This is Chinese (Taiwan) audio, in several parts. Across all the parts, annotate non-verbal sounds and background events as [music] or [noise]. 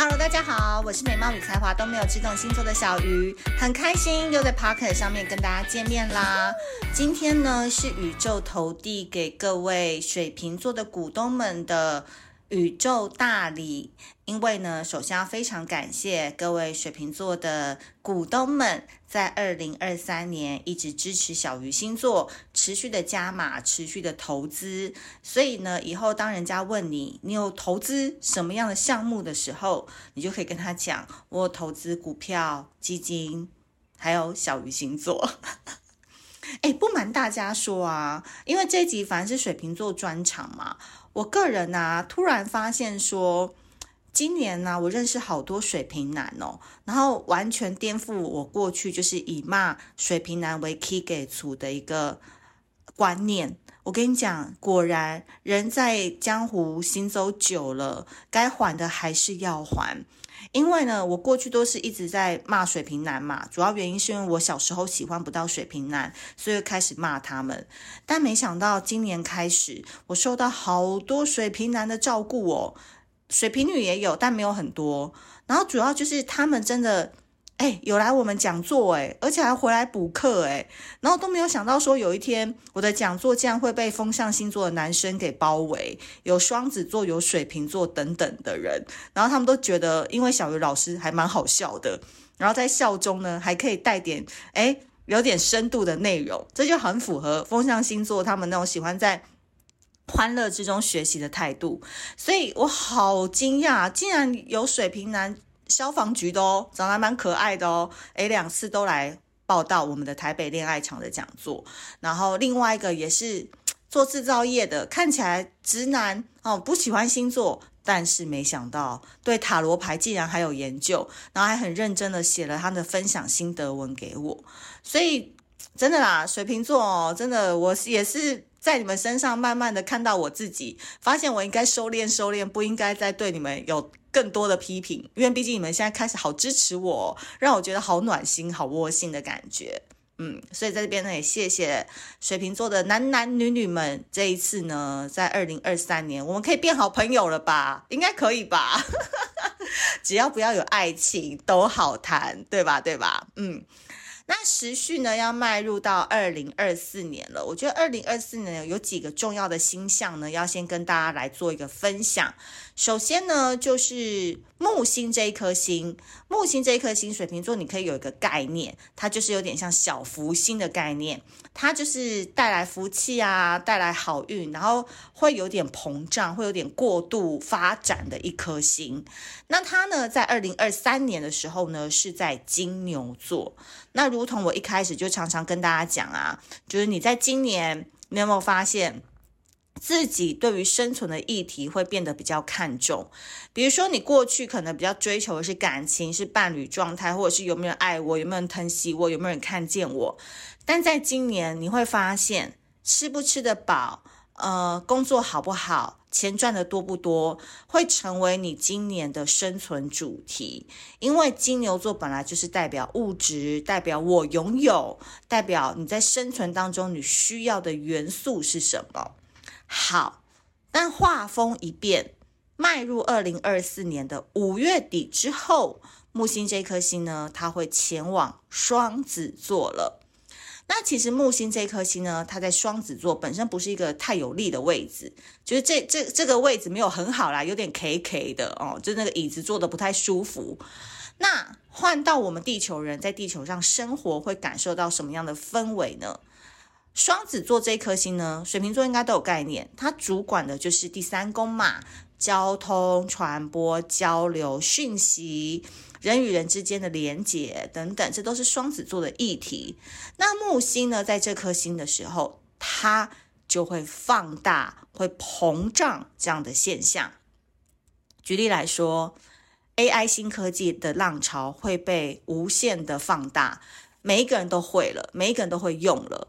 Hello，大家好，我是美貌與才華都沒有自動星座的小瑜，很開心又在 Pocket 上面跟大家見面啦。 [laughs] 今天呢是宇宙投遞給各位水瓶座的股東們的宇宙大禮，因為呢，首先要非常感謝各位水瓶座的股東們，在二零二三年一直支持小瑜星座，持續的加碼，持續的投資。所以呢，以後當人家問你，你有投資什麼樣的項目的時候，你就可以跟他講，我有投資股票、基金，還有小瑜星座。 [laughs] 誒，不瞞大家說啊，因為這集反正是水瓶座專場嘛。我個人啊，突然發現說，今年呢、啊，我認識好多水瓶男哦，然後完全顛覆我過去就是以罵水瓶男為基礎的一個觀念。我跟你講，果然人在江湖行走久了，該還的還是要還。因為呢，我過去都是一直在罵水瓶男嘛，主要原因是因為我小時候喜歡不到水瓶男，所以開始罵他們。但沒想到今年開始，我受到好多水瓶男的照顧哦，水瓶女也有，但沒有很多。然後主要就是他們真的。哎，有來我們講座哎，而且還回來補課哎，然後都沒有想到說有一天我的講座竟然會被風象星座的男生給包圍，有雙子座、有水瓶座等等的人，然後他們都覺得，因為小瑜老師還蠻好笑的，然後在笑中呢還可以帶點哎有點深度的內容，這就很符合風象星座他們那種喜歡在歡樂之中學習的態度，所以我好驚訝啊，竟然有水瓶男，消防局的哦，長得還蠻可愛的哦，誒、欸，兩次都來報道我們的台北戀愛場的講座。然後另外一個也是做製造業的，看起來直男哦，不喜歡星座，但是沒想到對塔羅牌竟然還有研究，然後還很認真的寫了他的分享心得文給我。所以真的啦，水瓶座哦，真的我也是在你們身上慢慢的看到我自己，發現我應該收斂收斂，不應該再對你們有更多的批評，因為畢竟你們現在開始好支持我，讓我覺得好暖心、好窩心的感覺。嗯，所以在這邊呢，也謝謝水瓶座的男男女女們。這一次呢，在二零二三年，我們可以變好朋友了吧？應該可以吧？ [laughs] 只要不要有愛情，都好談，對吧？對吧？嗯。那時序呢，要邁入到二零二四年了。我覺得二零二四年有有幾個重要的星象呢，要先跟大家來做一個分享。首先呢，就是。木星這一顆星，木星這一顆星，水瓶座你可以有一個概念，它就是有點像小福星的概念，它就是帶來福氣啊，帶來好運，然後會有點膨脹，會有點過度發展的一顆星。那它呢，在二零二三年的時候呢，是在金牛座。那如同我一開始就常常跟大家講啊，就是你在今年，你有沒有發現？自己對於生存的議題會變得比較看重，比如說你過去可能比較追求的是感情、是伴侶狀態，或者是有沒有愛我、有沒有人疼惜我、有沒有人看見我。但在今年你會發現，吃不吃得飽，呃，工作好不好，錢賺得多不多，會成為你今年的生存主題。因為金牛座本來就是代表物質，代表我擁有，代表你在生存當中你需要的元素是什麼。好，但畫風一變，邁入二零二四年的五月底之後，木星這顆星呢，它會前往雙子座了。那其實木星這顆星呢，它在雙子座本身不是一個太有利的位置，就是這這這個位置沒有很好啦，有點 KK 的哦，就那個椅子坐的不太舒服。那換到我們地球人在地球上生活，會感受到什麼樣的氛圍呢？雙子座這一顆星呢，水瓶座應該都有概念。它主管的就是第三宮嘛，交通、傳播、交流、訊息、人與人之間的連結等等，這都是雙子座的議題。那木星呢，在這顆星的時候，它就會放大、會膨脹這樣的現象。舉例來說，AI 新科技的浪潮會被無限的放大，每一個人都會了，每一個人都會用了。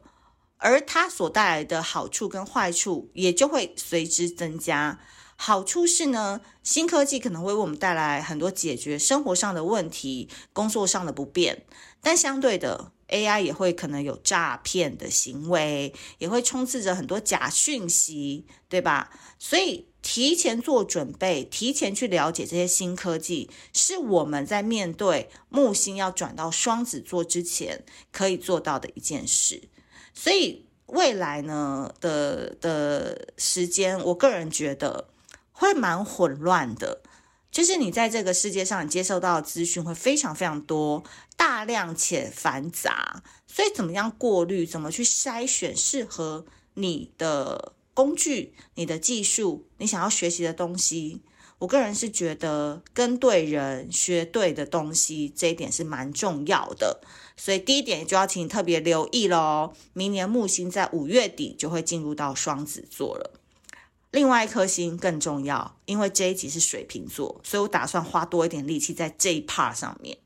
而它所帶來的好處跟壞處也就會隨之增加。好處是呢，新科技可能會為我們帶來很多解決生活上的問題、工作上的不便，但相對的，AI 也會可能有詐騙的行為，也會充斥着很多假訊息，對吧？所以提前做準備，提前去了解這些新科技，是我們在面對木星要轉到雙子座之前可以做到的一件事。所以未來呢的的時間，我個人覺得會蠻混亂的。就是你在這個世界上，你接受到的資訊會非常非常多，大量且繁雜。所以怎麼樣過濾，怎麼去篩選適合你的工具、你的技術、你想要學習的東西。我個人是覺得跟對人學對的東西，這一點是蠻重要的。所以第一點就要請你特別留意嘍。明年木星在五月底就會進入到雙子座了。另外一顆星更重要，因為這一集是水瓶座，所以我打算花多一點力氣在這一 part 上面。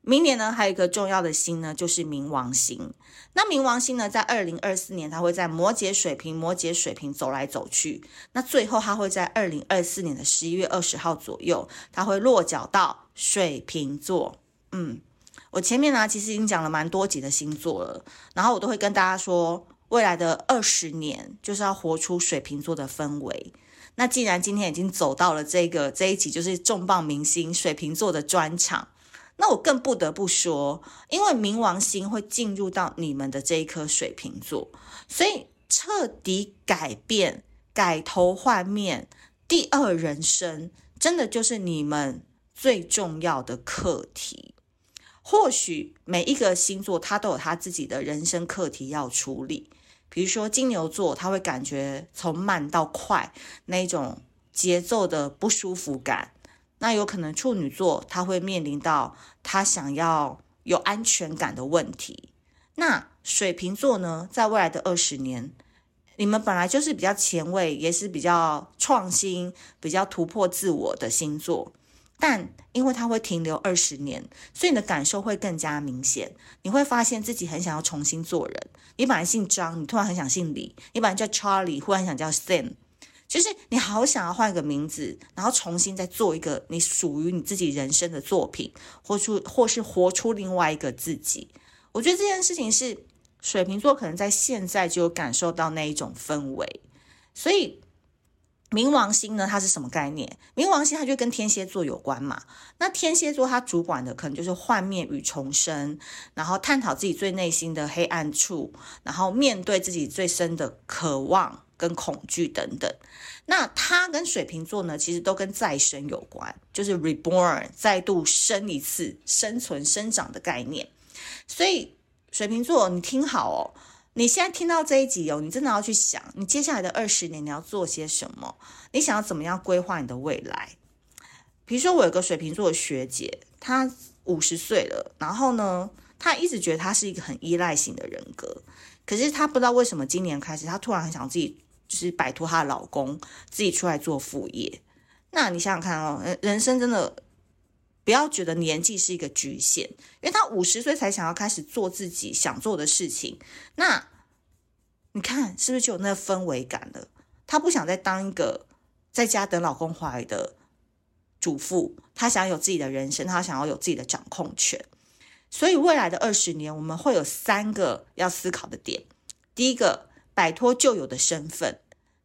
明年呢，還有一個重要的星呢，就是冥王星。那冥王星呢，在二零二四年它會在摩羯、水瓶、摩羯、水瓶走來走去。那最後它會在二零二四年的十一月二十號左右，它會落腳到水瓶座。嗯。我前面呢、啊，其實已經講了蠻多集的星座了，然後我都會跟大家說，未來的二十年就是要活出水瓶座的氛圍。那既然今天已經走到了這個這一集，就是重磅明星水瓶座的專場，那我更不得不說，因為冥王星會進入到你們的這一顆水瓶座，所以徹底改變、改頭換面、第二人生，真的就是你們最重要的課題。或許每一個星座，他都有他自己的人生課題要處理。比如說金牛座，他會感覺從慢到快那一種節奏的不舒服感。那有可能處女座，他會面臨到他想要有安全感的問題。那水瓶座呢，在未來的二十年，你們本來就是比較前衛，也是比較創新、比較突破自我的星座。但因為他會停留二十年，所以你的感受會更加明顯。你會發現自己很想要重新做人。你本來姓張，你突然很想姓李；你本來叫 Charlie，忽然想叫 Sam。就是你好想要換一個名字，然後重新再做一個你屬於你自己人生的作品，活出或是活出另外一個自己。我覺得這件事情是水瓶座可能在現在就有感受到那一種氛圍，所以。冥王星呢，它是什麼概念？冥王星它就跟天蠍座有關嘛。那天蠍座它主管的可能就是幻滅與重生，然後探討自己最內心的黑暗處，然後面對自己最深的渴望跟恐懼等等。那它跟水瓶座呢，其實都跟再生有關，就是 reborn，再度生一次，生存、生長的概念。所以水瓶座，你聽好哦。你現在聽到這一集哦，你真的要去想，你接下來的二十年你要做些什麼？你想要怎麼樣規劃你的未來？比如說，我有個水瓶座的學姐，她五十歲了，然後呢，她一直覺得她是一個很依賴型的人格，可是她不知道為什麼今年開始，她突然很想自己就是擺脫她的老公，自己出來做副業。那你想想看哦，人生真的。不要覺得年紀是一個局限，因為他五十歲才想要開始做自己想做的事情。那你看，是不是就有那氛圍感了？他不想再當一個在家等老公回來的主婦，他想有自己的人生，他想要有自己的掌控權。所以，未來的二十年，我們會有三個要思考的點：第一個，擺脫舊有的身份；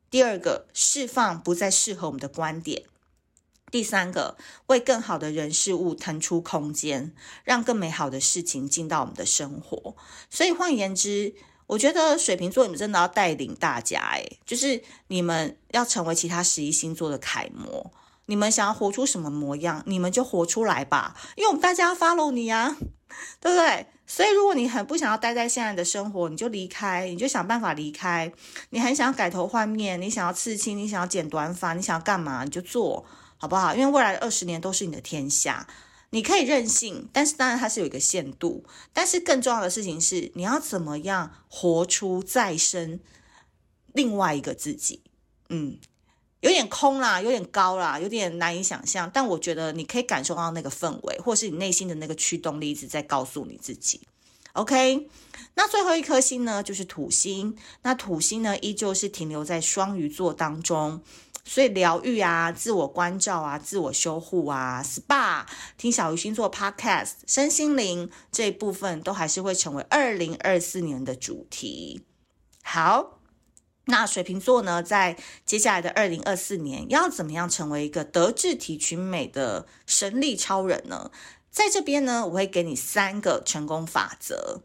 第二個，釋放不再適合我們的觀點。第三個，為更好的人事物騰出空間，讓更美好的事情進到我們的生活。所以換言之，我覺得水瓶座你們真的要帶領大家，哎，就是你們要成為其他十一星座的楷模。你們想要活出什麼模樣，你們就活出來吧，因為我們大家要 follow 你啊，對不對？所以如果你很不想要待在現在的生活，你就離開，你就想辦法離開。你很想要改頭換面，你想要刺青，你想要剪短髮，你想要幹嘛，你就做。好不好？因為未來二十年都是你的天下，你可以任性，但是，當然它是有一個限度。但是更重要的事情是，你要怎麼樣活出再生另外一個自己。嗯，有點空啦，有點高啦，有點難以想象。但我覺得你可以感受到那個氛圍，或是你內心的那個驅動力一直在告訴你自己。OK，那最後一顆星呢，就是土星。那土星呢，依舊是停留在雙魚座當中。所以療癒啊，自我關照啊，自我修護啊，SPA，聽小瑜星座 Podcast，身心靈這一部分都還是會成為二零二四年的主題。好，那水瓶座呢，在接下來的二零二四年要怎麼樣成為一個德智體群美的神力超人呢？在這邊呢，我會給你三個成功法則。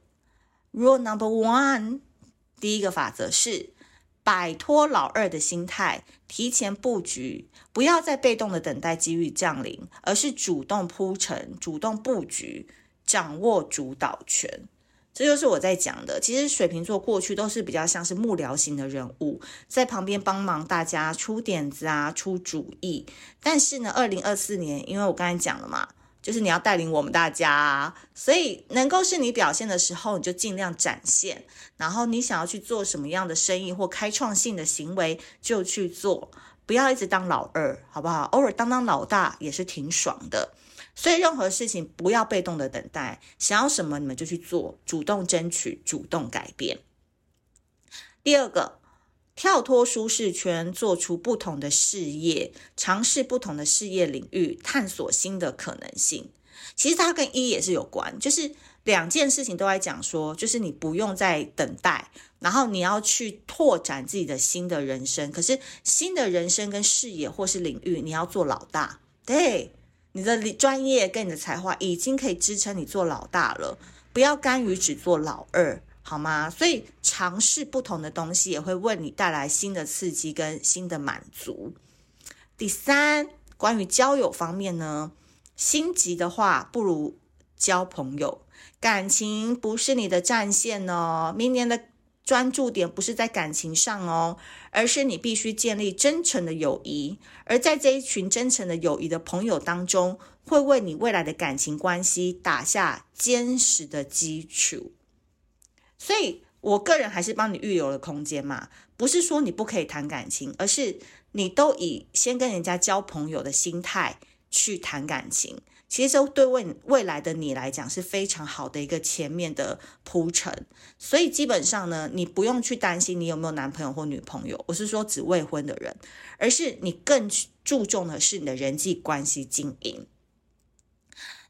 Rule number one，第一個法則是。擺脫老二的心態，提前佈局，不要再被動的等待機遇降臨，而是主動鋪陳、主動佈局、掌握主導權。這就是我在講的。其實水瓶座過去都是比較像是幕僚型的人物，在旁邊幫忙大家出點子啊、出主意。但是呢，二零二四年，因為我剛才講了嘛。就是你要帶領我們大家，所以能夠是你表現的時候，你就盡量展現。然後你想要去做什麼樣的生意或開創性的行為，就去做，不要一直當老二，好不好？偶爾當當老大也是挺爽的。所以任何事情不要被動的等待，想要什麼你們就去做，主動爭取，主動改變。第二個。跳脫舒適圈，做出不同的事業，嘗試不同的事業領域，探索新的可能性。其實它跟一也是有關，就是兩件事情都在講說，就是你不用再等待，然後你要去拓展自己的新的人生。可是新的人生跟事業或是領域，你要做老大。對，你的專業跟你的才華已經可以支撐你做老大了，不要甘於只做老二。好嗎？所以嘗試不同的東西，也會為你帶來新的刺激跟新的滿足。第三，關於交友方面呢，心急的話，不如交朋友。感情不是你的戰線哦。明年的專注點不是在感情上哦，而是你必須建立真誠的友誼。而在這一群真誠的友誼的朋友當中，會為你未來的感情關係打下堅實的基礎。所以，我個人還是幫你預留了空間嘛，不是說你不可以談感情，而是你都以先跟人家交朋友的心態去談感情，其實對未未來的你來講是非常好的一個前面的鋪陳。所以基本上呢，你不用去擔心你有沒有男朋友或女朋友，我是說指未婚的人，而是你更注重的是你的人際關係經營。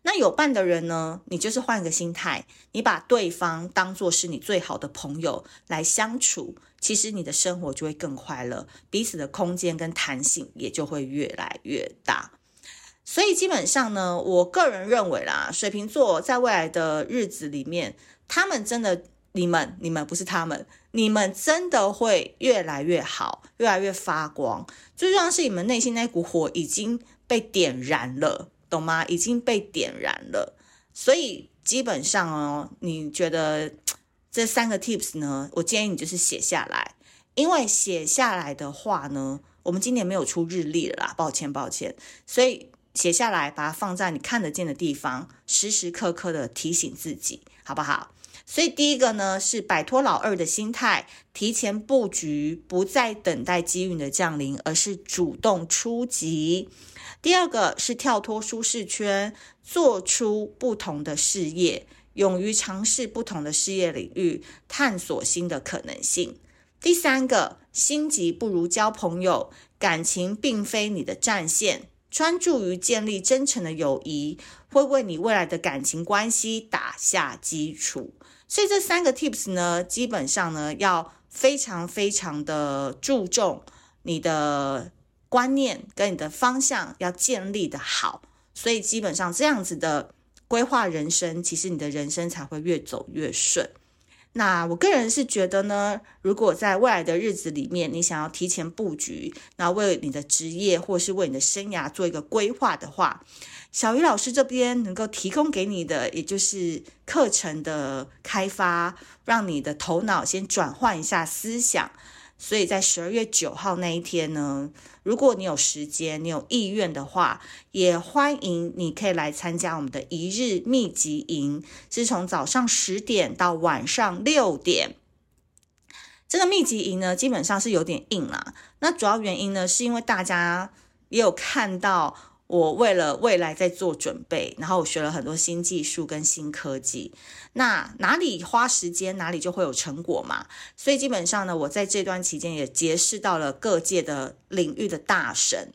那有伴的人呢？你就是換一個心態，你把對方當做是你最好的朋友來相處，其實你的生活就會更快樂，彼此的空間跟彈性也就會越來越大。所以基本上呢，我個人認為啦，水瓶座在未來的日子裡面，他們真的，你們你們不是他們，你們真的會越來越好，越來越發光。最重要是你們內心那股火已經被點燃了。懂嗎？已經被點燃了，所以基本上哦，你覺得這三個 tips 呢？我建議你就是寫下來，因為寫下來的話呢，我們今年沒有出日曆了啦，抱歉抱歉，所以寫下來，把它放在你看得見的地方，時時刻刻的提醒自己，好不好？所以，第一個呢是擺脫老二的心態，提前佈局，不再等待機遇的降臨，而是主動出擊。第二個是跳脫舒適圈，做出不同的事業，勇於嘗試不同的事業領域，探索新的可能性。第三個，心急不如交朋友，感情並非你的戰線，專注於建立真誠的友誼，會為你未來的感情關係打下基礎。所以這三個 tips 呢，基本上呢，要非常非常的注重你的觀念跟你的方向要建立的好，所以基本上這樣子的規劃人生，其實你的人生才會越走越順。那我個人是覺得呢，如果在未來的日子裡面，你想要提前布局，那為你的職業或是為你的生涯做一個規劃的話，小瑜老師這邊能夠提供給你的，也就是課程的開發，讓你的頭腦先轉換一下思想。所以在十二月九號那一天呢，如果你有時間，你有意願的話，也歡迎你可以來參加我們的一日密集營，是從早上十點到晚上六點。這個密集營呢，基本上是有點硬啦、啊。那主要原因呢，是因為大家也有看到。我為了未來在做準備，然後我學了很多新技術跟新科技。那哪裡花時間，哪裡就會有成果嘛。所以基本上呢，我在這段期間也結識到了各界的領域的大神。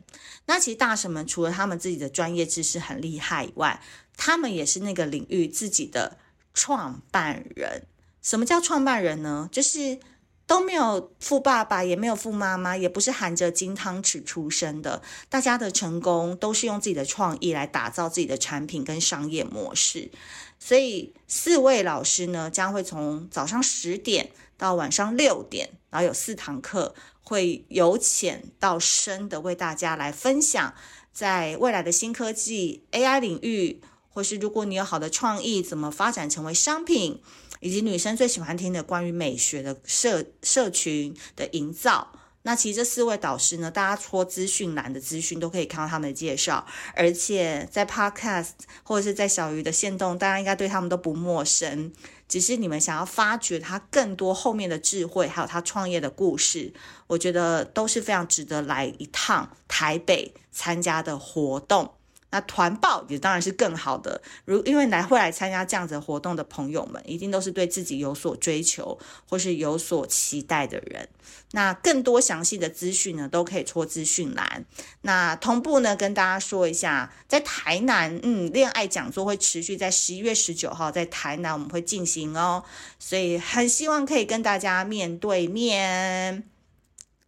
那其實大神們除了他們自己的專業知識很厲害以外，他們也是那個領域自己的創辦人。什麼叫創辦人呢？就是，都沒有富爸爸，也沒有富媽媽，也不是含着金湯匙出生的。大家的成功都是用自己的創意來打造自己的產品跟商業模式。所以四位老師呢，將會從早上十點到晚上六點，然後有四堂課，會由淺到深的為大家來分享，在未來的新科技 AI 領域。或是如果你有好的創意，怎麼發展成為商品，以及女生最喜歡聽的關於美學的社社群的營造，那其實這四位導師呢，大家戳資訊欄的資訊都可以看到他們的介紹，而且在 Podcast 或者是在小瑜的限動，大家應該對他們都不陌生。只是你們想要發掘他更多後面的智慧，還有他創業的故事，我覺得都是非常值得來一趟台北參加的活動。那團報也當然是更好的，如因為來會來參加這樣子活動的朋友們，一定都是對自己有所追求或是有所期待的人。那更多詳細的資訊呢，都可以戳資訊欄。那同步呢，跟大家說一下，在台南，嗯，戀愛講座會持續在十一月十九號，在台南我們會進行哦，所以很希望可以跟大家面對面。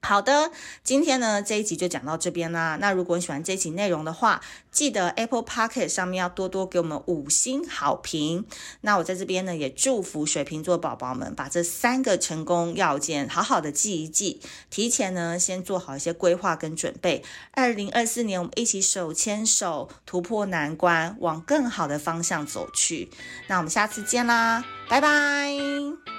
好的，今天呢這一集就講到這邊啦。那如果你喜歡這一集內容的話，記得 Apple Pocket 上面要多多給我們五星好評。那我在這邊呢也祝福水瓶座寶寶們，把這三個成功要件好好的記一記，提前呢先做好一些規劃跟準備。二零二四年我們一起手牽手突破難關，往更好的方向走去。那我們下次見啦，拜拜。